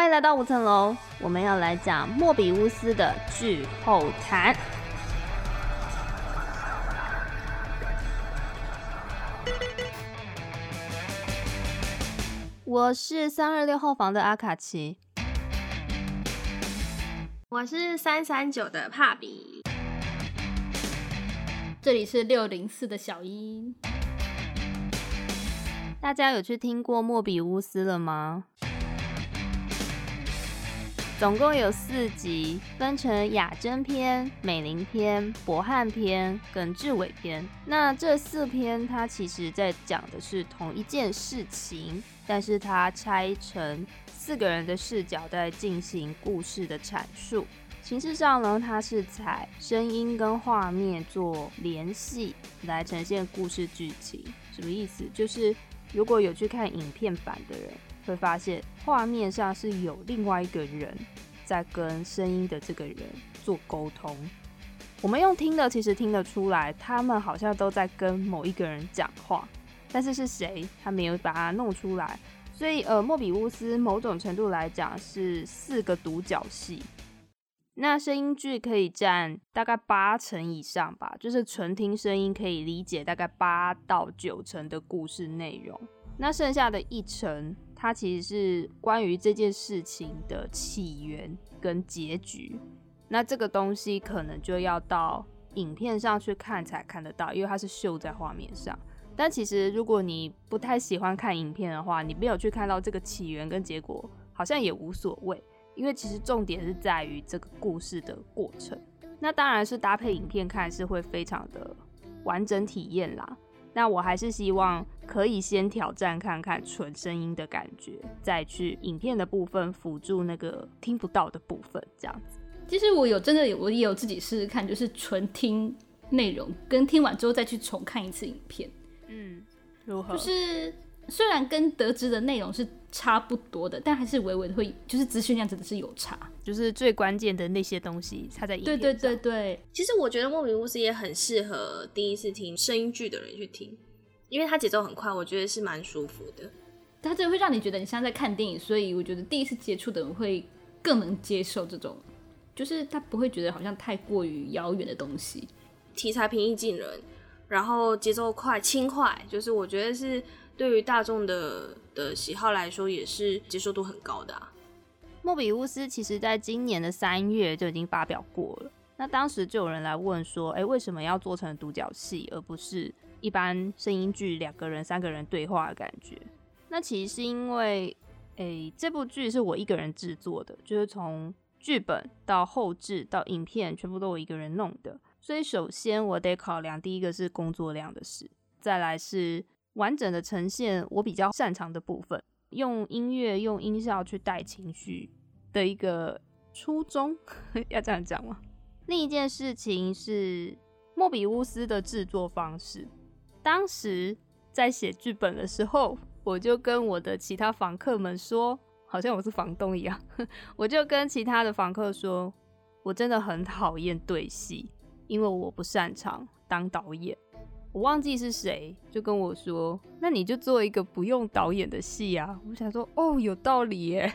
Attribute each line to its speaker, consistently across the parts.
Speaker 1: 歡迎來到五層樓，我們要來講莫比烏斯的劇後談。我是三二六號房的阿卡奇，
Speaker 2: 我是三三九的
Speaker 1: 帕比，這裡是六零四的小一。大家有去聽過莫比烏斯了嗎？總共有四集，分成雅真篇、美玲篇、博漢篇跟志偉篇。那這四篇它其實在講的是同一件事情，但是它拆成四個人的視角在進行故事的闡述。形式上呢，它是採聲音跟畫面做聯繫來呈現故事劇情。什麼意思？就是如果有去看影片版的人。會發現畫面上是有另外一個人在跟聲音的這個人做溝通。我們用聽的其實聽得出來，他們好像都在跟某一個人講話，但是是誰，他沒有把它弄出來。所以，呃，莫比烏斯某種程度來講是四個獨角戲。那聲音劇可以占大概八成以上吧，就是純聽聲音可以理解大概八到九成的故事內容。那剩下的一成。它其實是關於這件事情的起源跟結局，那這個東西可能就要到影片上去看才看得到，因為它是秀在畫面上。但其實如果你不太喜歡看影片的話，你沒有去看到這個起源跟結果，好像也無所謂，因為其實重點是在於這個故事的過程。那當然是搭配影片看是會非常的完整體驗啦。那我還是希望。可以先挑戰看看純聲音的感覺，再去影片的部分輔助那個聽不到的部分，這樣子。其實我有真的，我也有自己試試看，就是純聽內容，跟聽完之後再去重看一次影片。嗯，
Speaker 3: 如何？就是
Speaker 1: 雖然跟得知的內容是差不多的，但還是維維的會就是資訊量真的是有差，就是最關鍵的那些東西差在影片上。
Speaker 2: 對，對對對對。其實我覺得《莫比烏斯》也很適合第一次聽聲音劇的人去聽。因為他節奏很快，我覺得是蠻舒服的。他這會讓你
Speaker 1: 覺得你像在看電影，所
Speaker 2: 以我覺得第一次接觸的人會更能接受這種，就是他不會覺得好像太過於遙遠的東西，題材平易近人，然後節奏快、輕快，就是我覺得是對於大眾的的喜好來說也是接受度很高的啊。
Speaker 1: 《莫比烏斯》其實在今年的三月就已經發表過了，那當時就有人來問說：“欸，為什麼要做成獨角戲而不是？”一般聲音劇兩個人、三個人對話的感覺，那其實是因為，誒、欸，這部劇是我一個人製作的，就是從劇本到後製到影片，全部都我一個人弄的，所以首先我得考量第一個是工作量的事，再來是完整的呈現我比較擅長的部分，用音樂、用音效去帶情緒的一個初衷， 要這樣講嗎？另一件事情是莫比烏斯的製作方式。當時在寫劇本的時候，我就跟我的其他房客們說，好像我是房東一樣，我就跟其他的房客說，我真的很討厭對戲，因為我不擅長當導演。我忘記是誰就跟我說，那你就做一個不用導演的戲啊。我想說，哦，有道理耶。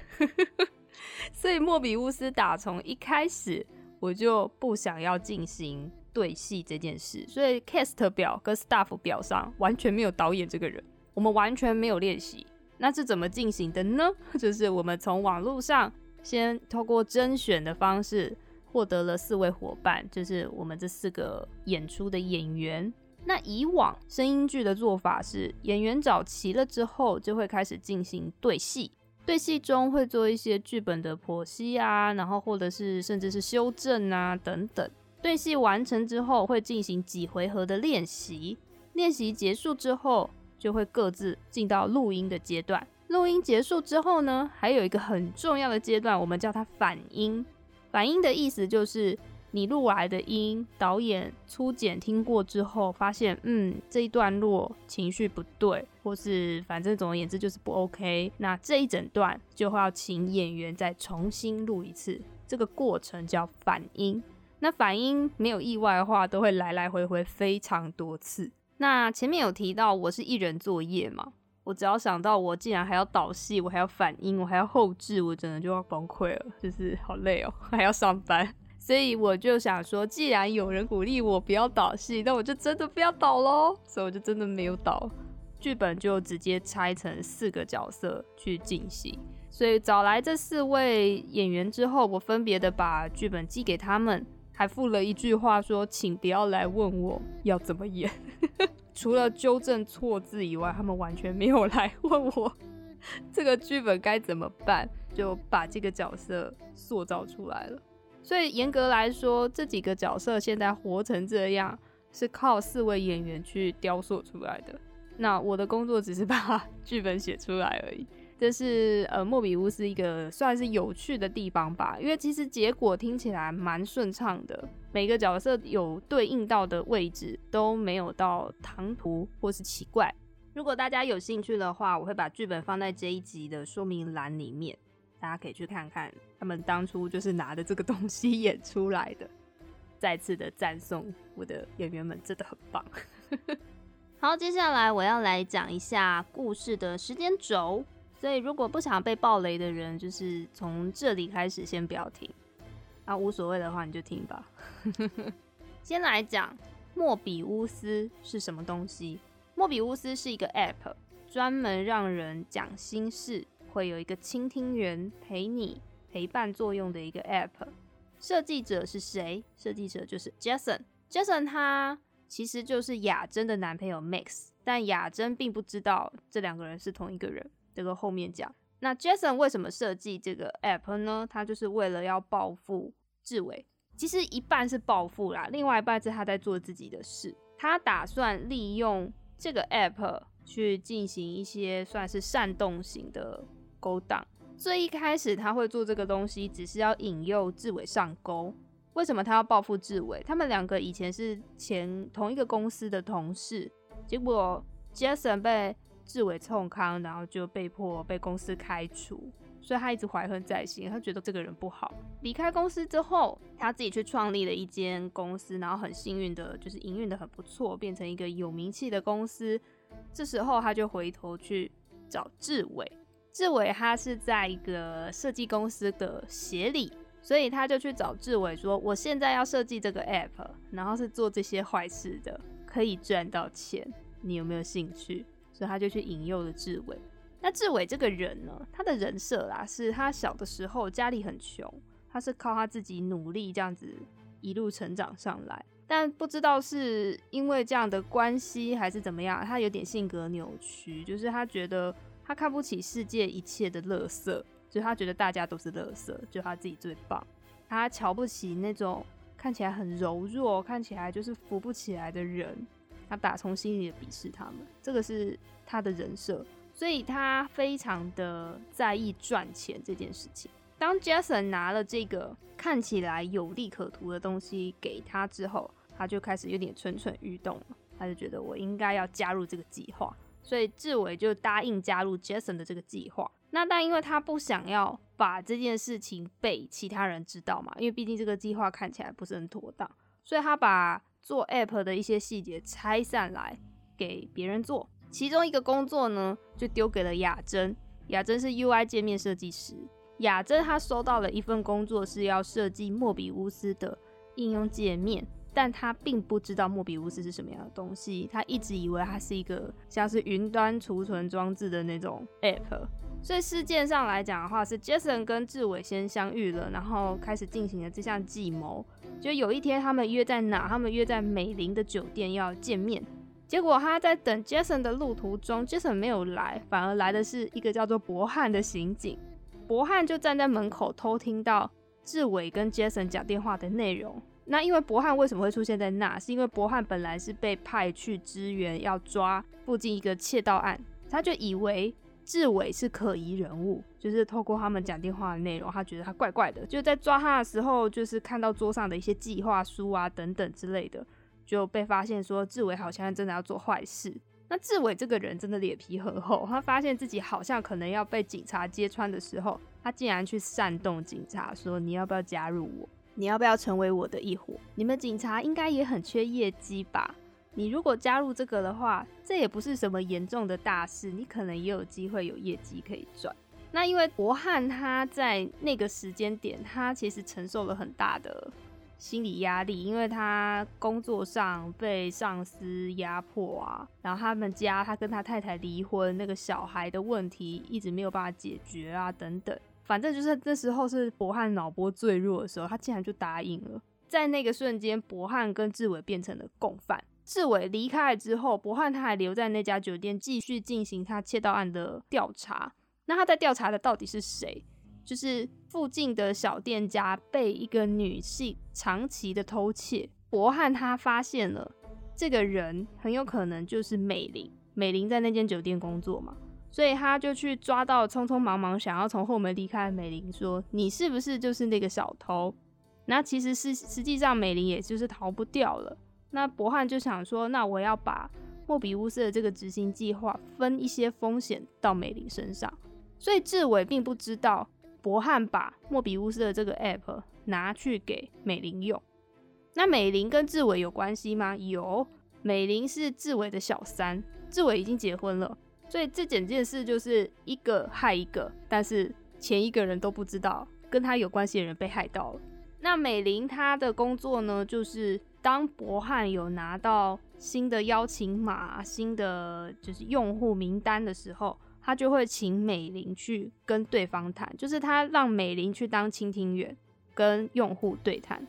Speaker 1: 所以莫比烏斯打從一開始，我就不想要進行。對戲這件事，所以 cast 表跟 staff 表上完全沒有導演這個人，我們完全沒有練習，那是怎麼進行的呢？就是我們從網絡上先通過甄選的方式獲得了四位夥伴，就是我們這四個演出的演員。那以往聲音劇的做法是，演員找齊了之後就會開始進行對戲，對戲中會做一些劇本的剖析啊，然後或者是甚至是修正啊等等。對戲完成之後，會進行幾回合的練習。練習結束之後，就會各自進到錄音的階段。錄音結束之後呢，還有一個很重要的階段，我們叫它反音。反音的意思就是，你錄來的音，導演初剪聽過之後，發現，嗯，這一段落情緒不對，或是反正總而言之就是不 OK。那這一整段就會要請演員再重新錄一次。這個過程叫反音。那反應沒有意外的話，都會來來回回非常多次。那前面有提到我是一人作業嘛，我只要想到我竟然還要導戲，我還要反音，我還要後製，我真的就要崩潰了，就是好累哦、喔，還要上班。所以我就想說，既然有人鼓勵我不要導戲，那我就真的不要導嘍。所以我就真的沒有導，劇本就直接拆成四個角色去進行。所以找來這四位演員之後，我分別的把劇本寄給他們。還附了一句話說：“請不要來問我要怎麼演， 除了糾正錯字以外，他們完全沒有來問我這個劇本該怎麼辦，就把這個角色塑造出來了。所以嚴格來說，這幾個角色現在活成這樣是靠四位演員去雕塑出來的。那我的工作只是把劇本寫出來而已。”這是呃，莫比烏斯一個算是有趣的地方吧，因為其實結果聽起來蠻順暢的，每個角色有對應到的位置，都沒有到唐突或是奇怪。如果大家有興趣的話，我會把劇本放在這一集的說明欄裡面，大家可以去看看他們當初就是拿的這個東西演出來的。再次的讚頌我的演員們真的很棒。
Speaker 3: 好，接下
Speaker 1: 來我要來講一下故事的時間軸。所以，如果不想被暴雷的人，就是從這裡開始先不要聽。那、啊、無所謂的話，你就聽吧。 先來講莫比烏斯是什麼東西？莫比烏斯是一個 App，專門讓人講心事，會有一個傾聽人陪你陪伴作用的一個 App。設計者是誰？設計者就是 Jason。Jason 他其實就是雅真的男朋友 Max，但雅真並不知道這兩個人是同一個人。這個後面講。那 Jason 為什麼設計這個 app 呢？他就是為了要報復志偉。其實一半是報復啦，另外一半是他在做自己的事。他打算利用這個 app 去進行一些算是煽動型的勾當。所以一開始他會做這個東西，只是要引誘志偉上鈎。為什麼他要報復志偉？他們兩個以前是前同一個公司的同事，結果 Jason 被。志偉沖康，然後就被迫被公司開除，所以他一直懷恨在心。他覺得這個人不好。離開公司之後，他自己去創立了一間公司，然後很幸運的，就是營運得很不錯，變成一個有名氣的公司。這時候他就回頭去找志偉。志偉他是在一個設計公司的協理，所以他就去找志偉說：“我現在要設計這個 app，然後是做這些壞事的，可以賺到錢，你有沒有興趣？”所以他就去引誘了志偉。那志偉這個人呢，他的人設啦，是他小的時候家裡很窮，他是靠他自己努力這樣子一路成長上來。但不知道是因為這樣的關係還是怎麼樣，他有點性格扭曲，就是他覺得他看不起世界一切的垃圾，所以他覺得大家都是垃圾，就他自己最棒。他瞧不起那種看起來很柔弱、看起來就是扶不起來的人。他打從心裡的鄙視他們，這個是他的人設，所以他非常的在意賺錢這件事情。當 Jason 拿了這個看起來有利可圖的東西給他之後，他就開始有點蠢蠢欲動了。他就覺得我應該要加入這個計劃，所以志偉就答應加入 Jason 的這個計劃。那但因為他不想要把這件事情被其他人知道嘛，因為畢竟這個計劃看起來不是很妥當，所以他把做 app 的一些細節拆散來給別人做，其中一個工作呢，就丟給了雅珍。雅珍是 UI 界面設計師。雅珍她收到了一份工作是要設計莫比烏斯的應用界面，但她並不知道莫比烏斯是什麼樣的東西，她一直以為它是一個像是雲端儲存裝置的那種 app。所以事件上來講的話，是 Jason 跟志偉先相遇了，然後開始進行了這項計謀。就有一天，他們約在哪？他們約在美林的酒店要見面。結果他在等 Jason 的路途中，Jason 沒有來，反而來的是一個叫做博漢的刑警。博漢就站在門口偷聽到志偉跟 Jason 講電話的內容。那因為博漢為什麼會出現在那？是因為博漢本來是被派去支援要抓附近一個竊盜案，他就以為。志偉是可疑人物，就是透過他們講電話的內容，他覺得他怪怪的。就在抓他的時候，就是看到桌上的一些計劃書啊等等之類的，就被發現說志偉好像真的要做壞事。那志偉這個人真的臉皮很厚，他發現自己好像可能要被警察揭穿的時候，他竟然去煽動警察說：“你要不要加入我？你要不要成為我的一夥？你們警察應該也很缺業績吧？”你如果加入這個的話，這也不是什麼嚴重的大事，你可能也有機會有業績可以賺。那因為博漢他在那個時間點，他其實承受了很大的心理壓力，因為他工作上被上司壓迫啊，然後他們家他跟他太太離婚，那個小孩的問題一直沒有辦法解決啊，等等，反正就是那時候是博漢腦波最弱的時候，他竟然就答應了。在那個瞬間，博漢跟志偉變成了共犯。志偉離開了之後，博翰他還留在那家酒店，繼續進行他竊盜案的調查。那他在調查的到底是誰？就是附近的小店家被一個女性長期的偷竊，博翰他發現了這個人很有可能就是美玲。美玲在那間酒店工作嘛，所以他就去抓到匆匆忙忙想要從後門離開的美玲，說：“你是不是就是那個小偷？”那其實實實際上美玲也就是逃不掉了。那博漢就想說，那我要把莫比烏斯的這個執行計劃分一些風險到美玲身上，所以志偉並不知道博漢把莫比烏斯的這個 app 拿去給美玲用。那美玲跟志偉有關係嗎？有，美玲是志偉的小三，志偉已經結婚了，所以這整件事就是一個害一個，但是前一個人都不知道，跟他有關係的人被害到了。那美玲她的工作呢，就是。當博翰有拿到新的邀請碼、新的就是用戶名單的時候，他就會請美玲去跟對方談，就是他讓美玲去當傾聽員，跟用戶對談。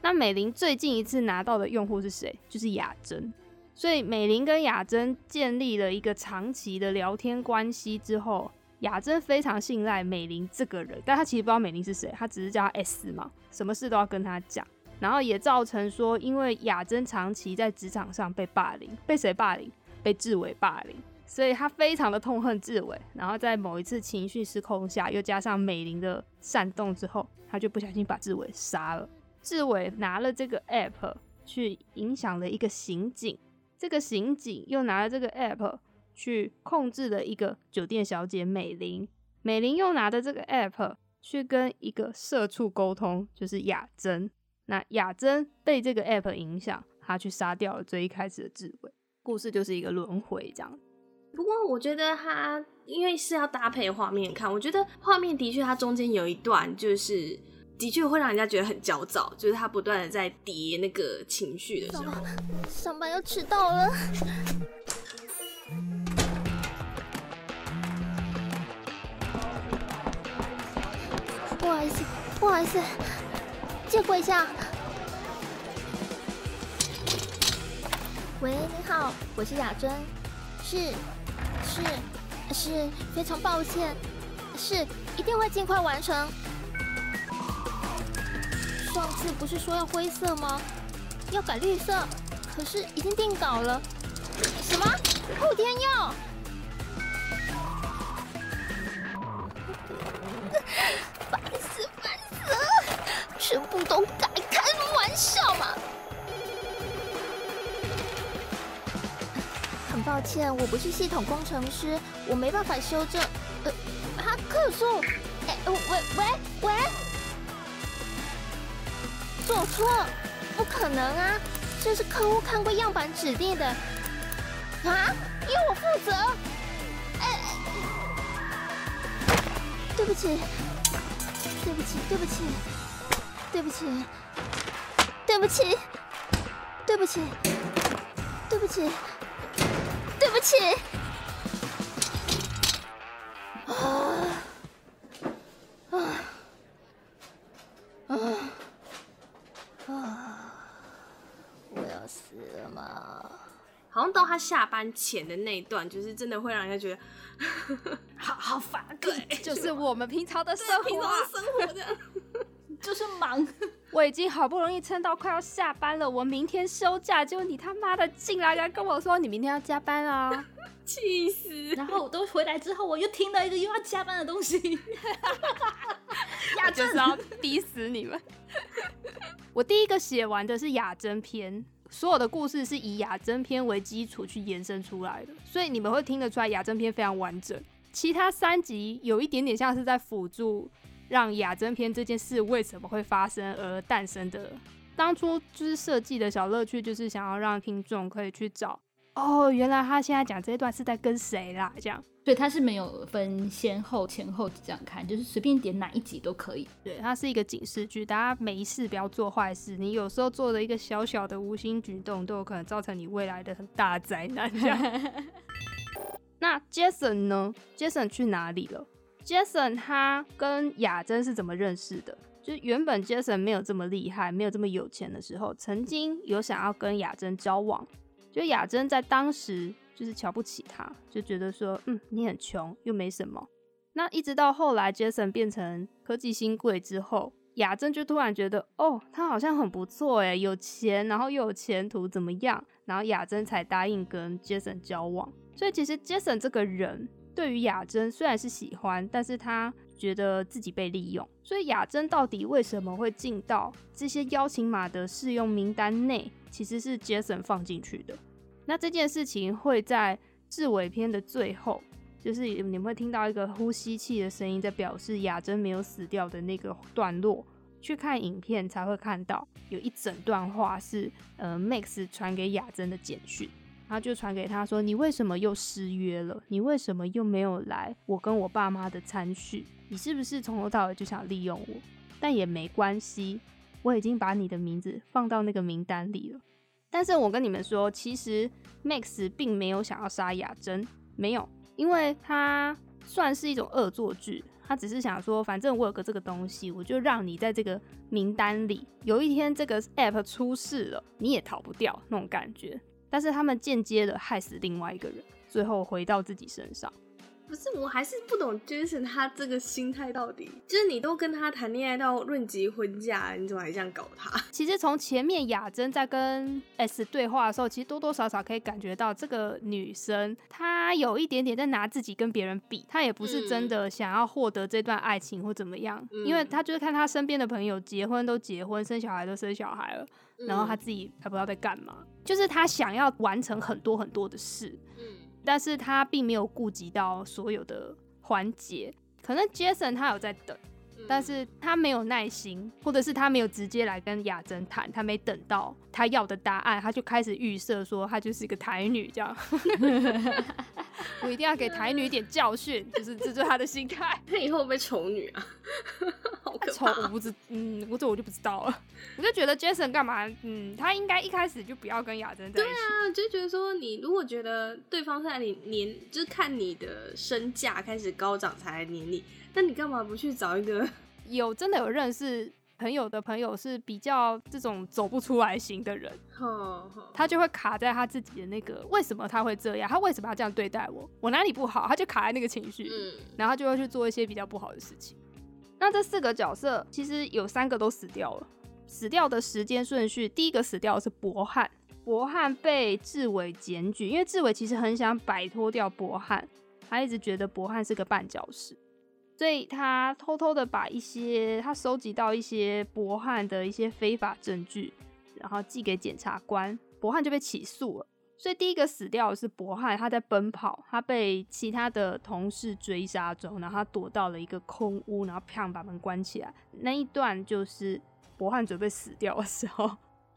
Speaker 1: 那美玲最近一次拿到的用戶是誰？就是雅珍。所以美玲跟雅珍建立了一個長期的聊天關係之後，雅珍非常信賴美玲這個人，但他其實不知道美玲是誰，他只是叫他 S 嘛，什麼事都要跟他講。然後也造成說，因為雅珍長期在職場上被霸凌，被誰霸凌？被志偉霸凌，所以他非常的痛恨志偉。然後在某一次情緒失控下，又加上美玲的煽動之後，他就不小心把志偉殺了。志偉拿了這個 app 去影響了一個刑警，這個刑警又拿了這個 app 去控制了一個酒店小姐美玲，美玲又拿着這個 app 去跟一個社畜溝通，就是雅珍。那雅珍被這個 app 影響，他去殺掉了最一開始的志偉。故事就是一個輪回這樣。
Speaker 2: 不過我覺得他因為是要搭配畫面看，我覺得畫面的確，它中間有一段就是的確會讓人家覺得很焦躁，就是他不斷的在疊那個情緒的時候。
Speaker 3: 上班要遲到了，不好意思，不好意思。借過一下。喂，你好，我是雅珍，是，是，是非常抱歉。是，一定會儘快完成。上次不是說要灰色嗎？要改綠色，可是已經定稿了。什麼？後天要？煩死，煩死！全部都改？開什麼玩笑嘛！很抱歉，我不是系統工程師，我沒辦法修正。呃，哈克叔，哎、欸，喂喂喂，做錯？不可能啊！這是客戶看過樣板指定的，啊？由我負責？呃、欸，對不起，對不起，對不起。對不起，對不起，對不起，對不起，對不起！啊啊，啊，啊我要死了嗎？好
Speaker 2: 像到他下班前的那一段，就是真的會讓人家覺
Speaker 1: 得 好好煩，對就是我們平常的生
Speaker 3: 活，平常生活
Speaker 1: 的。 就是忙， 我已經好不容易撐到快要下班了，我明天休假，結果你他媽的進來，然後跟我說你明天要加班啊、哦，氣死！然後我都回來之後，我又聽到一個又要加班的東西， 亞真，就是要逼死你們。 我第一個寫完的是亞真篇，所有的故事是以亞真篇為基礎去延伸出來的，所以你們會聽得出來亞真篇非常完整，其他三集有一點點像是在輔助。讓雅真篇這件事為什麼會發生而誕生的，當初就是設計的小樂趣，就是想要讓聽眾可以去找哦，原來他現在講這一段是在跟誰啦？這樣，對，他是沒有分先後前後這樣看，就是隨便點哪一集都可以。對，它是一個警示劇，大家沒事不要做壞事。你有時候做的一個小小的無心舉動，都有可能造成你未來的很大災難。這樣。 那 Jason 呢？Jason 去哪裡了？Jason 他跟雅真是怎麼認識的？就是原本 Jason 沒有這麼厲害，沒有這麼有錢的時候，曾經有想要跟雅真交往。就雅真在當時就是瞧不起他，就覺得說，嗯，你很窮又沒什麼。那一直到後來 Jason 變成科技新貴之後，雅真就突然覺得，哦，他好像很不錯耶，有錢，然後又有前途，怎麼樣？然後雅真才答應跟 Jason 交往。所以其實 Jason 這個人。對於雅珍，雖然是喜歡，但是他覺得自己被利用，所以雅珍到底為什麼會進到這些邀請碼的試用名單內？其實是 Jason 放進去的。那這件事情會在字尾片的最後，就是你們會聽到一個呼吸器的聲音，在表示雅珍沒有死掉的那個段落，去看影片才會看到有一整段話是呃，Max 傳給雅珍的簡訊。然後就傳給他說：“你為什麼又失約了？你為什麼又沒有來我跟我爸媽的餐敘？你是不是從頭到尾就想利用我？但也沒關係，我已經把你的名字放到那個名單裡了。但是我跟你們說，其實 Max 並沒有想要殺雅珍，沒有，因為他算是一種惡作劇，他只是想說，反正我有個這個東西，我就讓你在這個名單裡。有一天這個 App 出事了，你也逃不掉那種感覺。”但是他們間接的害死另外一個人，最後回到自己身上。
Speaker 2: 不是，我還是不懂 Jason 他這個心態到底。就
Speaker 1: 是你都跟他談戀愛到論及婚嫁，你怎麼
Speaker 2: 還這樣搞他？
Speaker 1: 其實從前面雅珍在跟 S 對話的時候，其實多多少少可以感覺到這個女生她有一點點在拿自己跟別人比，她也不是真的想要獲得這段愛情或怎麼樣，因為她就是看她身邊的朋友結婚都結婚，生小孩都生小孩了，然後她自己還不知道在幹嘛，就是她想要完成很多很多的事。嗯。但是他並沒有顧及到所有的環節，可能 Jason 他有在等。但是他沒有耐心，或者是他沒有直接來跟雅珍談，他沒等到他要的答案，他就開始預設說他就是一個台女，這樣。 我一定要給台女一點教訓， 就是治治他的心態。那以後會不會醜女啊？醜、 啊，我不知，嗯，我這我就不知道了。我就覺得 Jason 幹嘛，嗯，他應該一開始就不要跟雅珍在一起。對啊，就覺得說你如果覺得對方在你
Speaker 2: 黏，就是看你的身價開始高漲才黏你。你那
Speaker 1: 你幹嘛不去找一個有真的有認識朋友的朋友？是比較這種走不出來型的人，他就會卡在他自己的那個，為什麼他會這樣？他為什麼要這樣對待我？我哪裡不好？他就卡在那個情緒，然後他就會去做一些比較不好的事情。那這四個角色其實有三個都死掉了。死掉的時間順序，第一個死掉的是博漢，博漢被志偉檢舉，因為志偉其實很想擺脫掉博漢，他一直覺得博漢是個絆腳石。所以他偷偷的把一些他收集到一些博漢的一些非法證據，然後寄給檢察官，博漢就被起訴了。所以第一個死掉的是博漢，他在奔跑，他被其他的同事追殺中，然後他躲到了一個空屋，然後啪把門關起來。那一段就是博漢準備死掉的時候，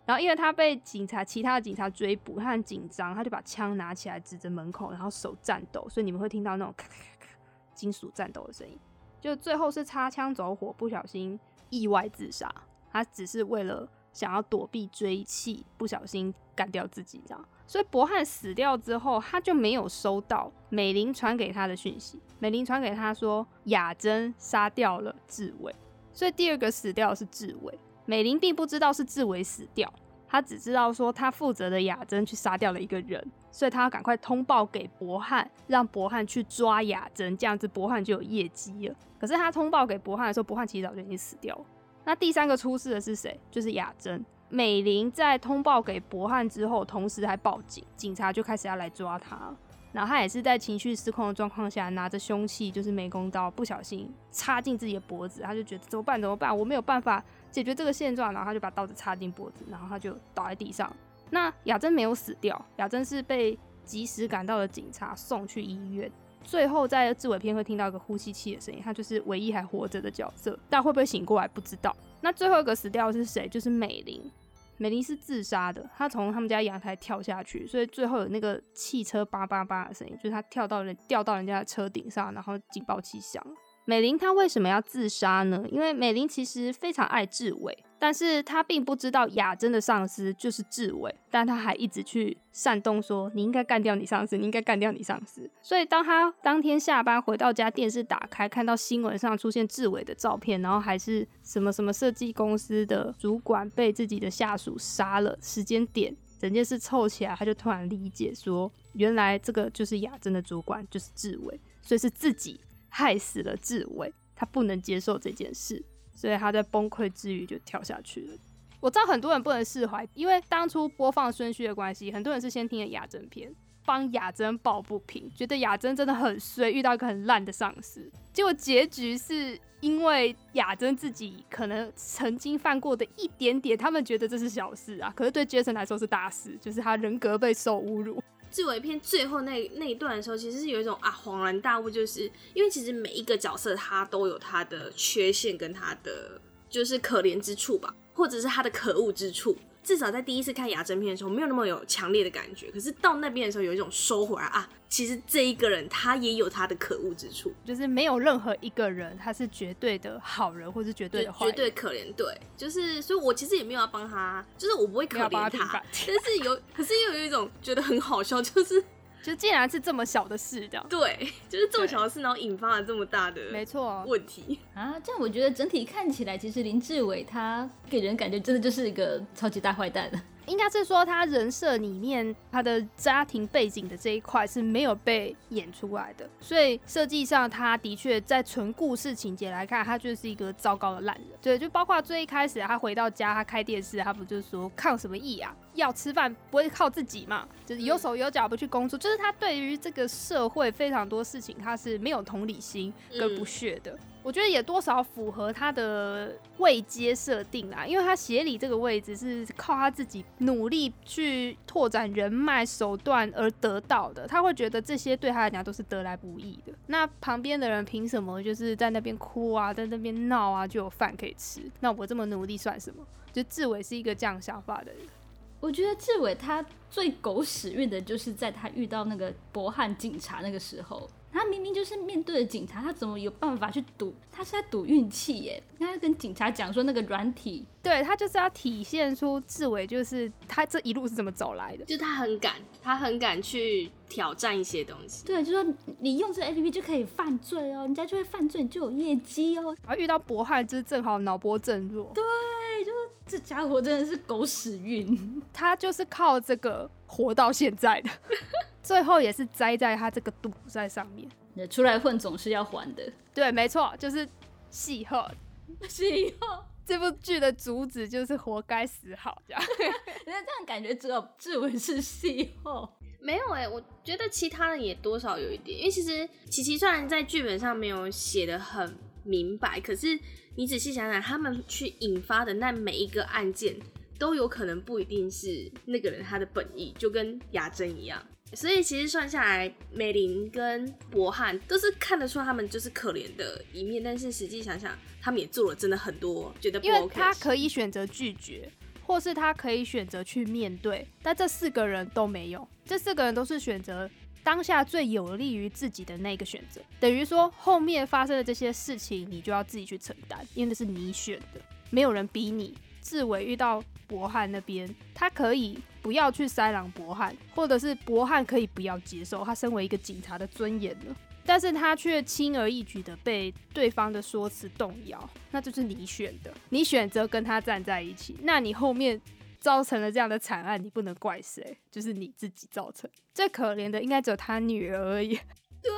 Speaker 1: 然後因為他被警察其他的警察追捕，他很緊張，他就把槍拿起來指着門口，然後手顫抖，所以你們會聽到那種咔咔咔咔金屬顫抖的聲音。就最後是擦槍走火，不小心意外自殺。他只是為了想要躲避追擊，不小心幹掉自己，這樣。所以博漢死掉之後，他就沒有收到美玲傳給他的訊息。美玲傳給他說，雅珍殺掉了志偉，所以第二個死掉的是志偉。美玲並不知道是志偉死掉。他只知道說他負責的雅珍去殺掉了一個人，所以他要趕快通報給伯漢，讓伯漢去抓雅珍。這樣子伯漢就有業績了。可是他通報給伯漢的時候，伯漢其實早就已經死掉了。那第三個出事的是誰？就是雅珍。美玲在通報給伯漢之後，同時還報警，警察就開始要來抓他。然後他也是在情緒失控的狀況下，拿着兇器就是美工刀，不小心插進自己的脖子，他就覺得怎麼辦？怎麼辦？我沒有辦法。解決這個現狀，然後他就把刀子插進脖子，然後他就倒在地上。那雅珍沒有死掉，雅珍是被及時趕到的警察送去醫院。最後在字尾片會聽到一個呼吸器的聲音，他就是唯一還活着的角色。但他會不會醒過來？不知道。那最後一個死掉的是誰？就是美玲，美玲是自殺的，她從他們家陽台跳下去，所以最後有那個汽車叭叭叭叭的聲音，就是她跳到人掉到人家的車頂上，然後警報器響。美玲她為什麼要自殺呢？因為美玲其實非常愛志偉，但是她並不知道雅珍的上司就是志偉，但她還一直去煽動說，你應該幹掉你上司，你應該幹掉你上司。所以，當她當天下班回到家，電視打開，看到新聞上出現志偉的照片，然後還是什麼什麼設計公司的主管被自己的下屬殺了，時間點，整件事湊起來，她就突然理解說，原來這個就是雅珍的主管，就是志偉，所以是自己害死了志偉，他不能接受這件事，所以他在崩潰之餘就跳下去了。我知道很多人不能釋懷，因為當初播放順序的關係，很多人是先聽了雅珍篇，幫雅珍抱不平，覺得雅珍真，真的很衰，遇到一個很爛的上司。結果結局是因為雅珍自己可能曾經犯過的一點點，他們覺得這是小事啊，可是對 Jason 來說是大事，就是他人格被受侮辱。
Speaker 2: 自我一篇最後那那一段的時候，其實是有一種啊恍然大悟，就是因為其實每一個角色他都有他的缺陷跟他的就是可憐之處吧，或者是他的可惡之處。至少在第一次看牙真片的時候，沒有那麼有強烈的感覺。可是到那邊的時候，有一種收回來啊，其實這一個人他也有他的可惡之處，
Speaker 1: 就是沒有任何一個人他是絕對的好人或是絕對的壞人，絕，絕對
Speaker 2: 可憐，對，就是所以，我其實也沒有要幫他，
Speaker 1: 就是我不會可憐他，他但
Speaker 2: 是有，可是又有一種覺得很好
Speaker 1: 笑，就是。就竟然是這麼小的事的，
Speaker 2: 對，就是這麼小的事，然後引發了這麼大的沒錯問題啊。這樣我覺
Speaker 1: 得整體看起來，其實林志偉他給人感覺真的就是一個超級大壞蛋了。應該是說，他人設裡面他的家庭背景的這一塊是沒有被演出來的，所以設計上他的確在純故事情節來看，他就是一個糟糕的爛人。對，就包括最一開始他回到家，他開電視，他不就是說抗什麼疫啊？要吃飯不會靠自己嘛？就是有手有腳不去工作，嗯、就是他對於這個社會非常多事情，他是沒有同理心跟不屑的。嗯、我覺得也多少符合他的位階設定啊，因為他協理這個位置是靠他自己努力去拓展人脈手段而得到的，他會覺得這些對他來講都是得來不易的。那旁邊的人憑什麼就是在那邊哭啊，在那邊鬧啊就有飯可以吃？那我這麼努力算什麼？就志偉是一個這樣想法的人。我覺得志偉他最狗屎運的就是在他遇到那個博漢警察那個時候。他明明就是面對着警察，他怎麼有辦法去賭？他是在賭運氣耶！他要跟警察講說那個軟體，對他就是要體現出志偉就是他這一路是怎麼走來的，就他
Speaker 2: 很敢，他很敢去挑戰一些東西。
Speaker 1: 對，就是說你用這 APP 就可以犯罪哦，人家就會犯罪，你就有業績哦。而遇到博漢就是，正好腦波震弱。對，就是這家伙真的是狗屎運， 他就是靠這個活到現在的。 最後也是栽在他這個賭債上面。出來混總是要還的。對，沒錯，就是系厚系厚。這部劇的主旨就是活該系厚，好這樣。
Speaker 3: 因
Speaker 2: 這樣感覺只有志文是系厚，沒有哎、欸。我覺得其他人也多少有一點，因為其實琪琪雖然在劇本上沒有寫得很明白，可是你仔細想想，他們去引發的那每一個案件，都有可能不一定是那個人他的本意，就跟亞珍一樣。所以其實算下來，美玲跟博翰都是看得出他們就是可憐的一面，但是實際想想，他們也做了真的很多，覺得不 ok。因為他可以選擇拒絕，
Speaker 1: 或是他可以選擇去面對，但這四個人都沒有，這四個人都是選擇當下最有利於自己的那個選擇，等於說後面發生的這些事情，你就要自己去承擔，因為這是你選的，沒有人逼你。志偉遇到博翰那邊，他可以。不要去塞朗博漢，或者是博漢可以不要接受他身為一個警察的尊嚴了，但是他卻輕而易舉的被對方的說辭動搖，那就是你選的，你選擇跟他站在一起，那你後面造成了這樣的慘案，你不能怪誰，就是你自己造成。最可憐的應該只有他女兒而已。對。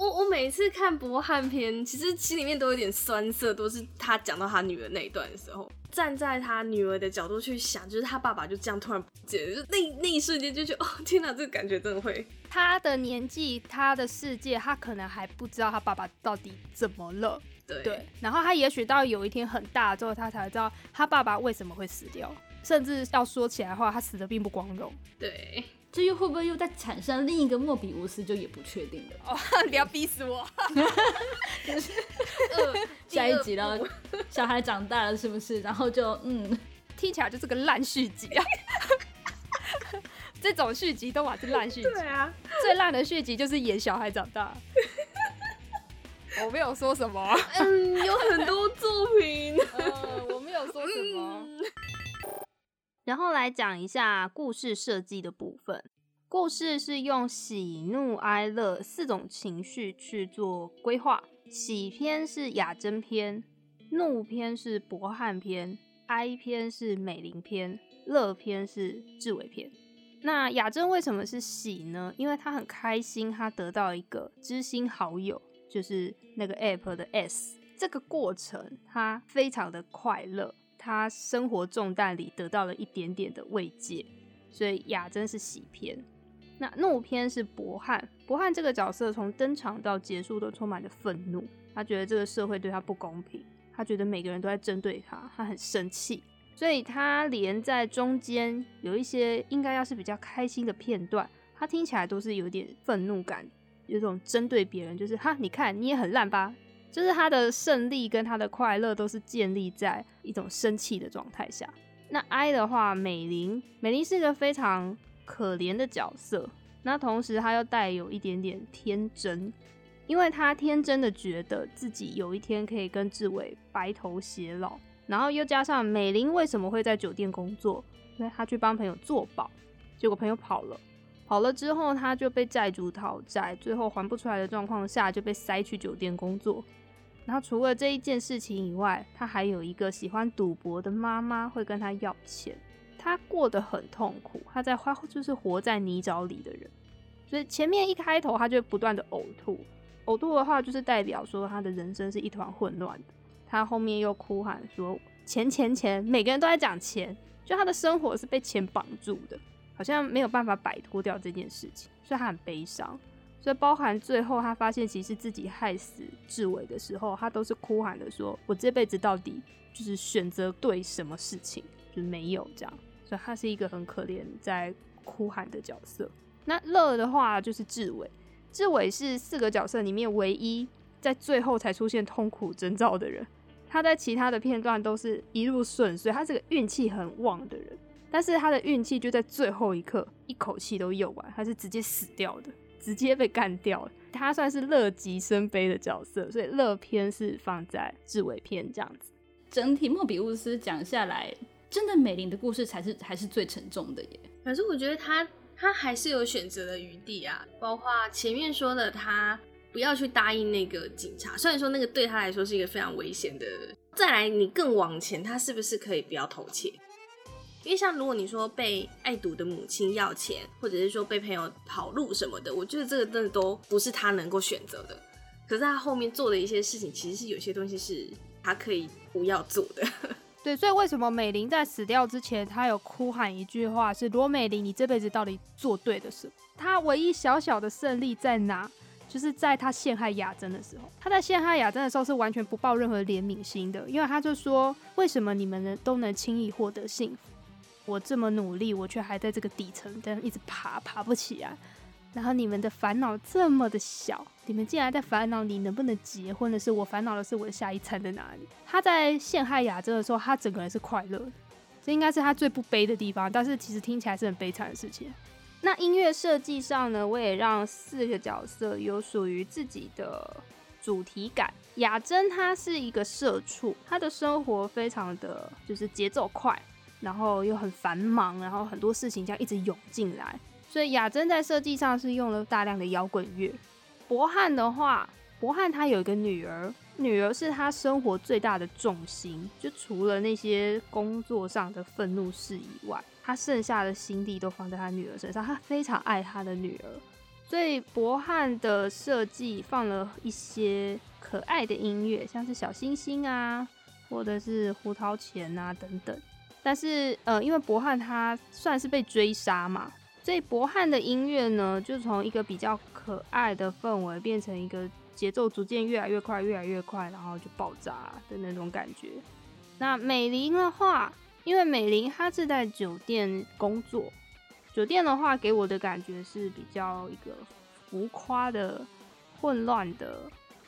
Speaker 1: 我我每次看博漢篇，其實心裡面都有點酸澀，
Speaker 2: 都是他講到他女兒那一段的時候，站在他女兒的角度去想，就是他爸爸就這樣突然不見，就那那一瞬間就覺得，哦，天哪，這個感覺真的會。
Speaker 1: 他的年紀，他的世界，他可能還不知道他爸爸到底怎麼了。對。對，然後他也許到有一天很大之後，他才知道他爸爸為什麼會死掉，甚至要說起來的話，他死的並不光榮。對。這又會不會又再產生另一個莫比烏斯？就也不確定了。Oh, 對你要逼死我！ 呃、下一集了，小孩長大了是不是？然後就嗯，聽起來就是個爛續集啊。 這種續集都嘛是爛續集。對啊，最爛的續集就是演小孩長大。我沒有說什麼。嗯，有很
Speaker 3: 多作品。呃、我沒有說什麼。嗯
Speaker 1: 然後來講一下故事設計的部分。故事是用喜怒哀樂四種情緒去做規劃。喜篇是雅珍篇，怒篇是博漢篇，哀篇是美玲篇，樂篇是志偉篇。那雅珍為什麼是喜呢？因為她很開心，她得到一個知心好友，就是那個 App 的 S。這個過程她非常的快樂。他生活重擔裡得到了一點點的慰藉，所以雅真是喜篇。那怒篇是博漢。博漢這個角色從登場到結束都充滿了憤怒，他覺得這個社會對他不公平，他覺得每個人都在針對他，他很生氣。所以他連在中間有一些應該要是比較開心的片段，他聽起來都是有點憤怒感，有種針對別人，就是哈，你看你也很爛吧。就是他的勝利跟他的快樂都是建立在一種生氣的狀態下。那哀的話，美玲，美玲是一個非常可憐的角色。那同時，她又帶有一點點天真，因為她天真的覺得自己有一天可以跟志偉白頭偕老。然後又加上美玲為什麼會在酒店工作？因為她去幫朋友做保，結果朋友跑了，跑了之後她就被債主討債，最後還不出來的狀況下就被塞去酒店工作。然後除了這一件事情以外，他還有一個喜歡賭博的媽媽會跟他要錢，他過得很痛苦，他在花，就是活在泥沼裡的人，所以前面一開頭他就不斷的嘔吐，嘔吐的話就是代表說他的人生是一團混亂的，他後面又哭喊說錢錢錢，每個人都在講錢，就他的生活是被錢綁住的，好像沒有辦法擺脫掉這件事情，所以他很悲傷。所以包含最後他發現其實自己害死志偉的時候，他都是哭喊的說：“我這輩子到底就是選擇對什麼事情，就沒有這樣。”所以他是一個很可憐在哭喊的角色。那樂的話就是志偉，志偉是四個角色裡面唯一在最後才出現痛苦徵兆的人。他在其他的片段都是一路順遂，他是個運氣很旺的人，但是他的運氣就在最後一刻一口氣都用完，他是直接死掉的。直接被幹掉了，他算是樂極生悲的角色，所以樂篇是放在結尾篇這樣子。整體莫比烏斯講下來，真的美玲的故事才是還是最沉重的耶。
Speaker 2: 可是我覺得他他還是有選擇的餘地啊，包括前面說的他不要去答應那個警察，雖然說那個對他來說是一個非常危險的。再來，你更往前，他是不是可以不要偷竊？因為像如果你說被愛賭的母親要錢，或者是說被朋友跑路什麼的，我覺得這個真的都不是他能夠選擇的。可是他後面做的一些事情，其實是有些東西是他可以不要做的。
Speaker 1: 對，所以為什麼美玲在死掉之前，她有哭喊一句話是：“羅美玲，你這輩子到底做對的事。”他她唯一小小的勝利在哪？就是在他陷害雅珍的時候，他在陷害雅珍的時候是完全不抱任何憐憫心的，因為他就說：“為什麼你們能都能輕易獲得幸福？”我這麼努力，我卻還在這個底層，但一直爬爬不起來。然後你們的煩惱這麼的小，你們竟然在煩惱你能不能結婚的事，我煩惱的是我的下一餐在哪裡。他在陷害雅珍的時候，他整個人是快樂的，這應該是他最不悲的地方。但是其實聽起來是很悲慘的事情。那音樂設計上呢，我也讓四個角色有屬於自己的主題感。雅珍他是一個社畜，他的生活非常的就是節奏快。然後又很繁忙，然後很多事情這樣一直湧進來，所以雅珍在設計上是用了大量的搖滾樂。博漢的話，博漢他有一個女兒，女兒是他生活最大的重心，就除了那些工作上的憤怒事以外，他剩下的心地都放在他女兒身上，他非常愛他的女兒，所以博漢的設計放了一些可愛的音樂，像是小星星啊，或者是胡桃鉗啊等等。但是，呃，因為博漢他算是被追殺嘛，所以博漢的音樂呢，就從一個比較可愛的氛圍，變成一個節奏逐漸越來越快，越來越快，然後就爆炸的那種感覺。那美玲的話，因為美玲她是在酒店工作，酒店的話給我的感覺是比較一個浮誇的、混亂的，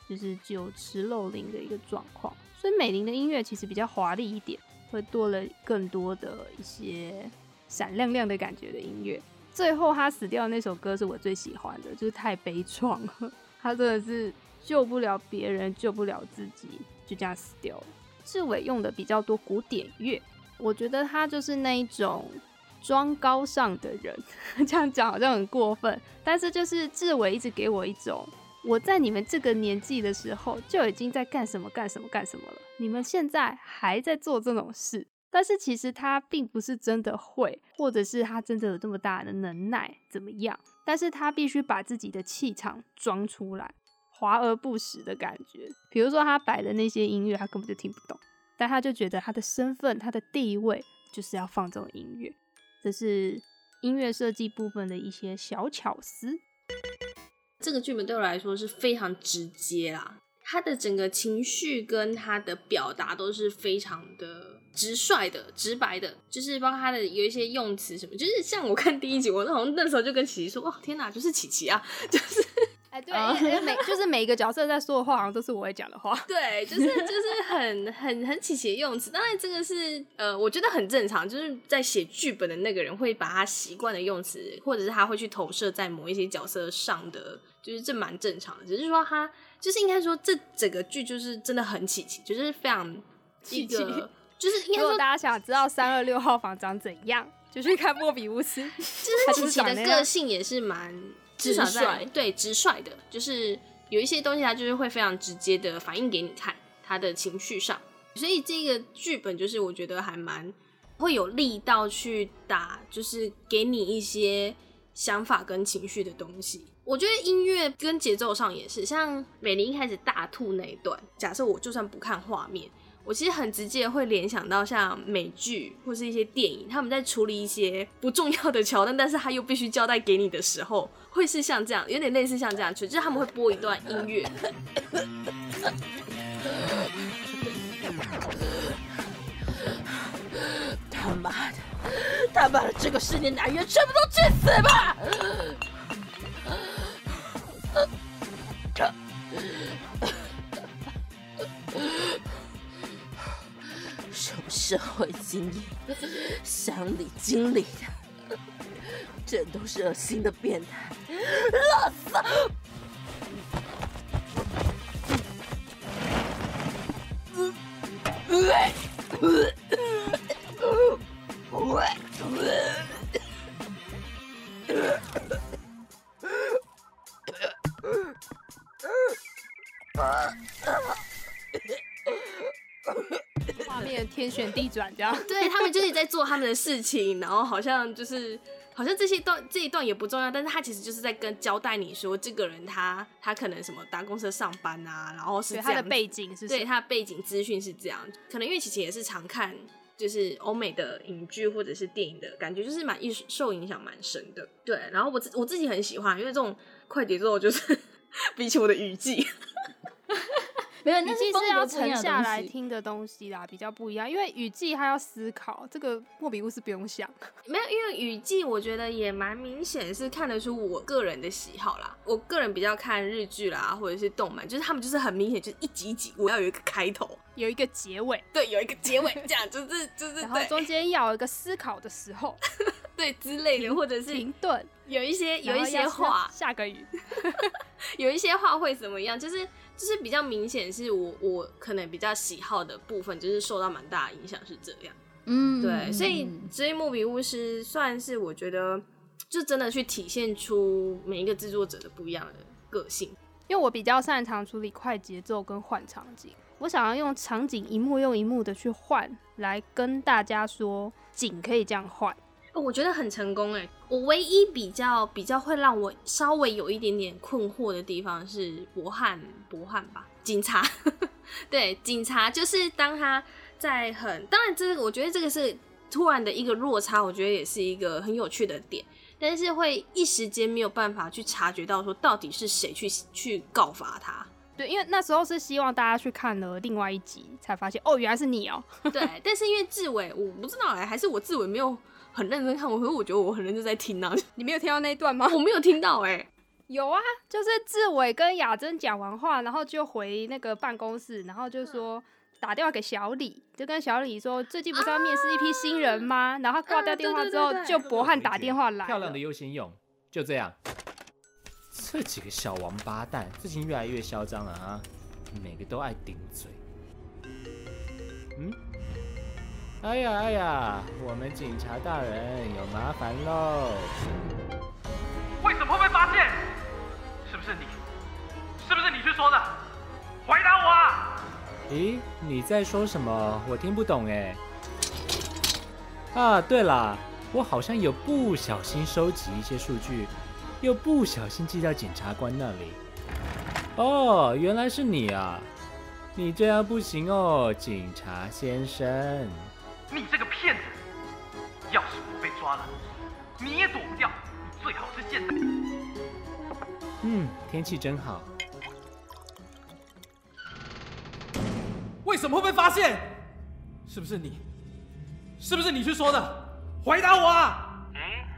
Speaker 1: 就是酒池肉林的一個狀況，所以美玲的音樂其實比較華麗一點。會多了更多的一些閃亮亮的感覺的音樂。最後他死掉的那首歌是我最喜歡的，就是太悲愴了，他真的是救不了別人，救不了自己，就這樣死掉了。志偉用的比較多古典樂，我覺得他就是那一種裝高尚的人，這樣講好像很過分，但是就是志偉一直給我一種。我在你們這個年紀的時候就已經在幹什麼幹什麼幹什麼了。你們現在還在做這種事，但是其實他並不是真的會，或者是他真的有這麼大的能耐怎麼樣？但是他必須把自己的氣場裝出來，華而不實的感覺。比如說他擺的那些音樂，他根本就聽不懂，但他就覺得他的身份、他的地位就是要放這種音樂。這是音樂設計部分的一些小巧思。這個
Speaker 2: 劇本對我來說是非常直接啦，他的整個情緒跟他的表達都是非常的直率的、直白的，就是包括他的有一些用詞什麼，就是像我看第一集，我那那時候就跟琪琪說：“哇，天哪，就是琪琪啊，就是。”
Speaker 1: 哎，對，對對就是、每就是每一個角色在說的話，好像都是我會講的話。對，
Speaker 2: 就是就是很很很奇奇的用詞。當然，這個是呃，我覺得很正常，就是在寫劇本的那個人會把他習慣的用詞，或者是他會去投射在某一些角色上的，就是這蠻正常的。只是說他就是應該說這整個劇就是真的很奇奇，就是非常奇奇。
Speaker 1: 就是因為說大家想知道三二六號房長怎樣，就去看《莫比烏斯》。就是奇奇的個性也是蠻
Speaker 2: 直率，對，直率的，就是有一些東西，他就是會非常直接的反映給你看他的情緒上，所以這個劇本就是我覺得還蠻會有力道去打，就是給你一些想法跟情緒的東西。我覺得音樂跟節奏上也是，像美玲一開始大吐那一段，假設我就算不看畫面，我其實很直接會聯想到像美劇或是一些電影，他們在處理一些不重要的橋段，但是他又必須交代給你的時候。會是像這樣，有點類似像這樣，去就是他們會播一段音樂。 他媽的，他媽的，這個世界男人全部都去死吧！ 什麼社會經驗，鄉里經歷的。全都是噁心的變態，
Speaker 3: 樂死！畫
Speaker 2: 面天旋地轉，這樣對他們就是在做他們的事情， 然後好像就是，好像這些段這一段也不重要，但是他其實就是在跟交代你說，這個人他他可能什麼搭公車上班啊，然後是這樣他的背景是、是，對，他的背景資訊是這樣，可能因為其實也是常看就是歐美的影劇或者是電影的感覺，就是蠻受影響蠻深的。對，然後我我自己很喜歡，因為這種快節奏就是比起我的雨季。沒有，雨季是要沉下來聽
Speaker 1: 的東西啦，西啦比較不一樣，因為雨季他要思考，這個莫比烏斯不用想。沒
Speaker 2: 有，因為雨季我覺得也蠻明顯，是看得出我個人的喜好啦。我個人比較看日劇啦，或者是動漫，就是他們就是很明顯，就是一集一集，我要有一個開頭，有一個
Speaker 1: 結尾，對，有一個結尾，這樣就是就是對， 然後中間要有一個思考的時候， 對之類的，或者是停頓。有一些有一些話下，下個雨，
Speaker 2: 有一些話會怎麼樣？就是就是比較明顯是我我可能比較喜好的部分，就是受到蠻大的影響，是這樣。
Speaker 3: 嗯，對，
Speaker 2: 嗯、所以《莫比烏斯》算是我覺得就真的去體現出每一個製作者的不一樣的個
Speaker 1: 性，因為我比較擅長處理快節奏跟換場景，我想要用場景一幕又一幕的去換，來跟大家說景可以這樣換。我覺
Speaker 2: 得很成功哎。我唯一比較比較會讓我稍微有一點點困惑的地方是伯瀚伯瀚吧，警察， 對，警察就是當他在很當然這，這我覺得這個是突然的一個落差，我覺得也是一個很有趣的點，但是會一時間沒有辦法去察覺到說到底是誰去去告發他。
Speaker 1: 對，因為那時候是希望大家去看了另外一集才發現哦、喔，原來是你哦、喔。 對，
Speaker 2: 但是因為志偉，我不知道哎、欸，還是我志偉沒有。很認真看我，可是我覺得我很認真在聽啊！ 你沒有聽到那一段嗎？ 我沒有聽到哎、
Speaker 1: 欸，有啊，就是志偉跟雅珍講完話，然後就回那個辦公室，然後就說打電話給小李，就跟小李說最近不是要面試一批新人嗎？然後掛掉電話之後，啊、對對對對，就博漢打電話來，漂亮
Speaker 3: 的優先用，就這樣。這幾個小王八蛋，最近越來越囂張了啊！每個都愛頂嘴，嗯。哎呀哎呀，我們警察大人有麻煩嘍！為什麼會被發現？是不是你？是不是你去說的？回答我啊！咦，你在說什麼？我聽不懂誒。啊，對了，我好像有不小心收集一些數據，又不小心寄到檢察官那裡。哦，原來是你啊！你這樣不行哦，警察先生。你這個騙子！要是我被抓
Speaker 2: 了，
Speaker 1: 你也躲不掉。你最好是現
Speaker 3: 在……嗯，天氣真好。為什麼會被發現？是不是你？是不是你去說的？回答我啊！誒，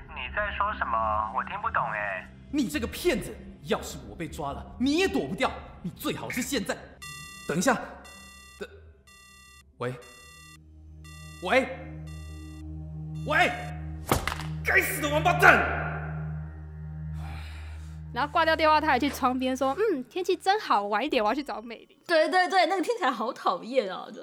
Speaker 3: 你
Speaker 2: 在說什麼？我聽不懂哎。你這個騙子！要是我被抓
Speaker 3: 了，你也躲不掉。你最好是現在……
Speaker 1: 等一下，等……
Speaker 3: 喂。喂，喂，該死的王八蛋！
Speaker 1: 然後掛掉電話，他還去窗邊說：“嗯，天氣真好，晚一點我要去找美麗。”對對對，那個聽起來好討厭哦。就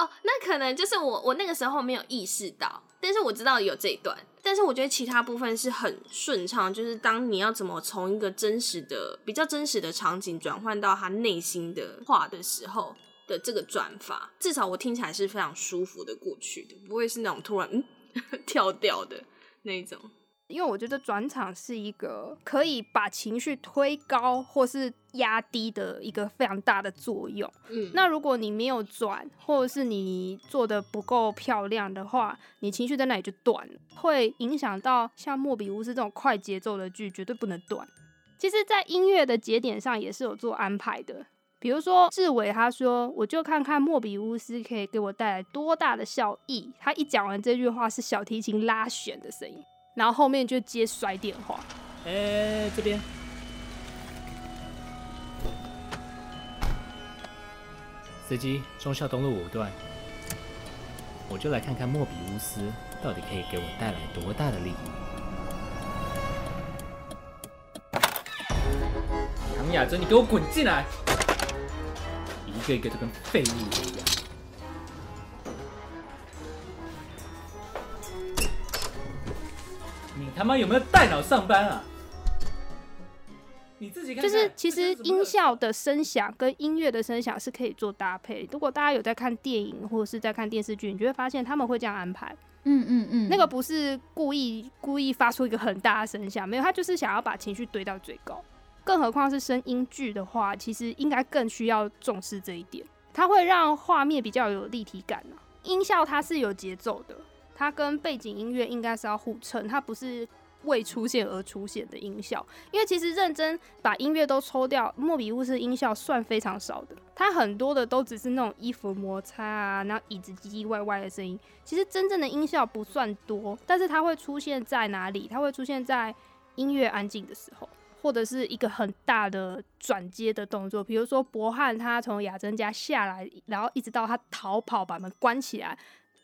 Speaker 2: 哦，那可能就是我我那個時候沒有意識到，但是我知道有這一段。但是我覺得其他部分是很順暢，就是當你要怎麼從一個真實的、比較真實的場景轉換到他內心的話的時候。的這個轉法，至少我聽起來是非常舒服的，過去的不會是那種突然跳掉的那一種。
Speaker 1: 因為我覺得轉場是一個可以把情緒推高或是壓低的一個非常大的作用。嗯，那如果你沒有轉，或者是你做得不夠漂亮的話，你情緒在那裡就斷了，會影響到像《莫比烏斯》這種快節奏的劇，絕對不能斷。其實，在音樂的節點上也是有做安排的。比如說志偉，他說：“我就看看莫比烏斯可以給我帶來多大的效益。”他一講完這句話，是小提琴拉弦的聲音，然後後面就接摔電話。
Speaker 3: 哎，這邊，司機，忠孝東路五段。我就來看看莫比烏斯到底可以給我帶來多大的利益。唐雅哲，你給我滾進來！可以給這廢，一個一個都跟廢物一樣。你他媽有沒有帶腦上班啊？你自己看看就是，其
Speaker 1: 實音效的聲響跟音樂的聲響是可以做搭配。如果大家有在看電影或者是在看電視劇，你就會發現他們會這樣安排。嗯嗯嗯，那個不是故意故意發出一個很大的聲響，沒有，他就是想要把情緒堆到最高。更何況是聲音劇的話，其實應該更需要重視這一點。它會讓畫面比較有立體感呢、啊。音效它是有節奏的，它跟背景音樂應該是要互襯，它不是為出現而出現的音效。因為其實認真把音樂都抽掉，莫比烏斯音效算非常少的。它很多的都只是那種衣服摩擦啊，然後椅子唧唧歪歪的聲音。其實真正的音效不算多，但是它會出現在哪裡？它會出現在音樂安靜的時候。或者是一個很大的轉接的動作，比如說博漢他從雅珍家下來，然後一直到他逃跑把門關起來，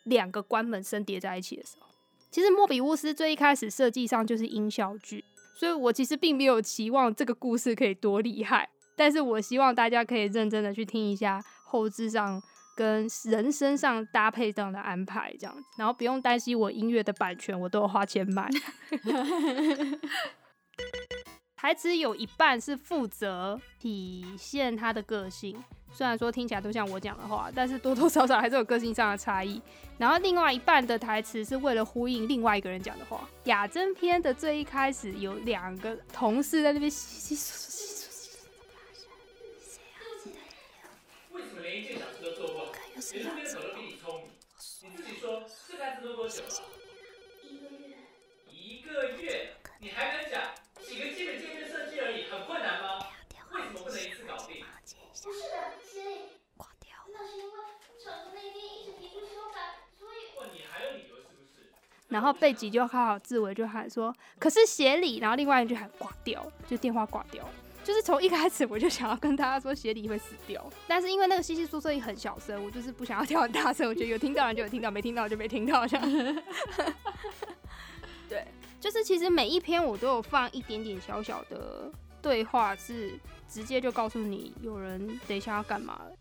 Speaker 1: 兩個關門聲疊在一起的時候，其實莫比烏斯最一開始設計上就是音效劇，所以我其實並沒有期望這個故事可以多厲害，但是我希望大家可以認真的去聽一下後製上跟人身上搭配這樣的安排，這樣子，然後不用擔心我音樂的版權，我都有花錢買。 台詞有一半是負責體現他的個性，雖然說聽起來都像我講的話，但是多多少少還是有個性上的差異。然後另外一半的台詞是為了呼應另外一個人講的話。雅珍篇，的最一開始有兩個同事在那邊。
Speaker 3: 幾個基本界面設計
Speaker 1: 而已，很困難嗎？為什麼不能一次搞定？不是的、啊，協理，難道是因為那一直不休嗎？所以，你還有理由，是不是？然後貝吉就還好,好，自偉就喊說，可是協理，然後另外一句就喊掛掉，就電話掛掉。就是從一開始我就想要跟大家說協理會死掉，但是因為那個西西說聲音很小聲，我就是不想要調很大聲，我覺得有聽到人就有聽到，沒聽到就沒聽到，這樣。對。就是其實每一篇我都有放一點點小小的對話，是直接就告訴你有人等一下要幹嘛了。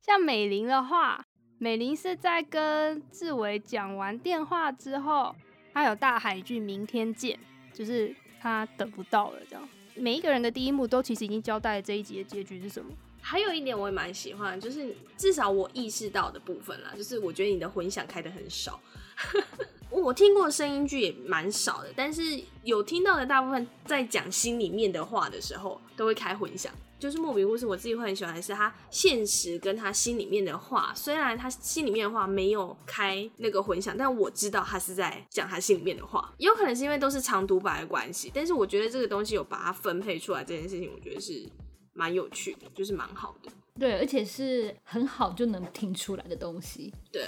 Speaker 1: 像美玲的話，美玲是在跟志偉講完電話之後，她有大喊一句“明天見”，就是她等不到了。這樣，每一個人的第一幕都其實已經交代了這一集的結局是什麼。
Speaker 2: 還有一點我也蠻喜歡，就是至少我意識到的部分啦，就是我覺得你的混響開得很少。 我聽過聲音劇也蠻少的，但是有聽到的大部分在講心裡面的話的時候都會開混響。就是莫比烏斯，我自己會很喜歡的是他現實跟他心裡面的話，雖然他心裡面的話沒有開那個混響，但我知道他是在講他心裡面的話。有可能是因為都是長獨白的關係，但是我覺得這個東西有把它分配出來這件事情，我覺得是蠻有趣的，就是蠻好的。
Speaker 1: 對，而且是很好就能聽出來的東西。對。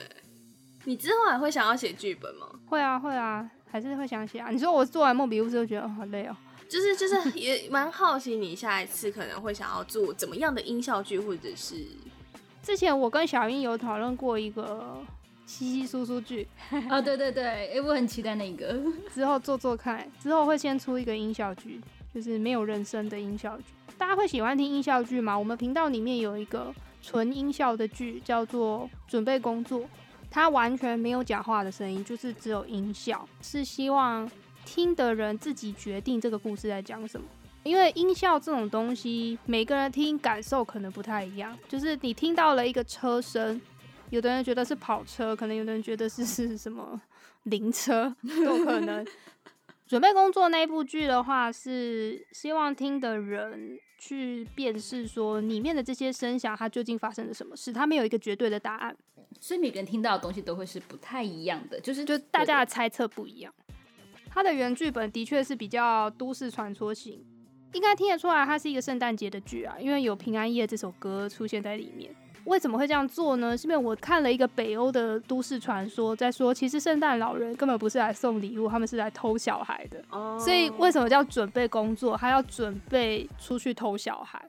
Speaker 1: 你之後還會想要寫劇本嗎？會啊，會啊，還是會想寫啊？你說，我做完莫比烏斯就覺得好累哦，
Speaker 2: 就是就是也蠻好奇你下一次可
Speaker 1: 能會想要做怎麼樣的音效劇，或者是之前我跟小英有討論過一個稀稀疏疏劇啊，對對對，哎、欸，我很期待那個之後做做看。之後會先出一個音效劇，就是沒有人聲的音效劇。大家會喜歡聽音效劇嗎？我們頻道裡面有一個純音效的劇，叫做《準備工作》。他完全沒有講話的聲音，就是只有音效，是希望聽的人自己決定這個故事在講什麼。因為音效這種東西，每個人聽感受可能不太一樣。就是你聽到了一個車聲，有的人覺得是跑車，可能有的人覺得是，是什麼靈車，都可能。 準備工作那一部劇的話，是希望聽的人去辨識，說裡面的這些聲響，它究竟發生了什麼事，它沒有一個絕對的答案。所以每個人聽到的東西都會是不太一樣的，就是就大家的猜測不一樣。它的原劇本的確是比較都市傳說型，應該聽得出來，它是一個聖誕節的劇啊，因為有《平安夜》這首歌出現在裡面。為什麼會這樣做呢？是因為我看了一個北歐的都市傳說，在說其實聖誕老人根本不是來送禮物，他們是來偷小孩的。哦。所以為什麼叫準備工作？他要準備出去偷小孩。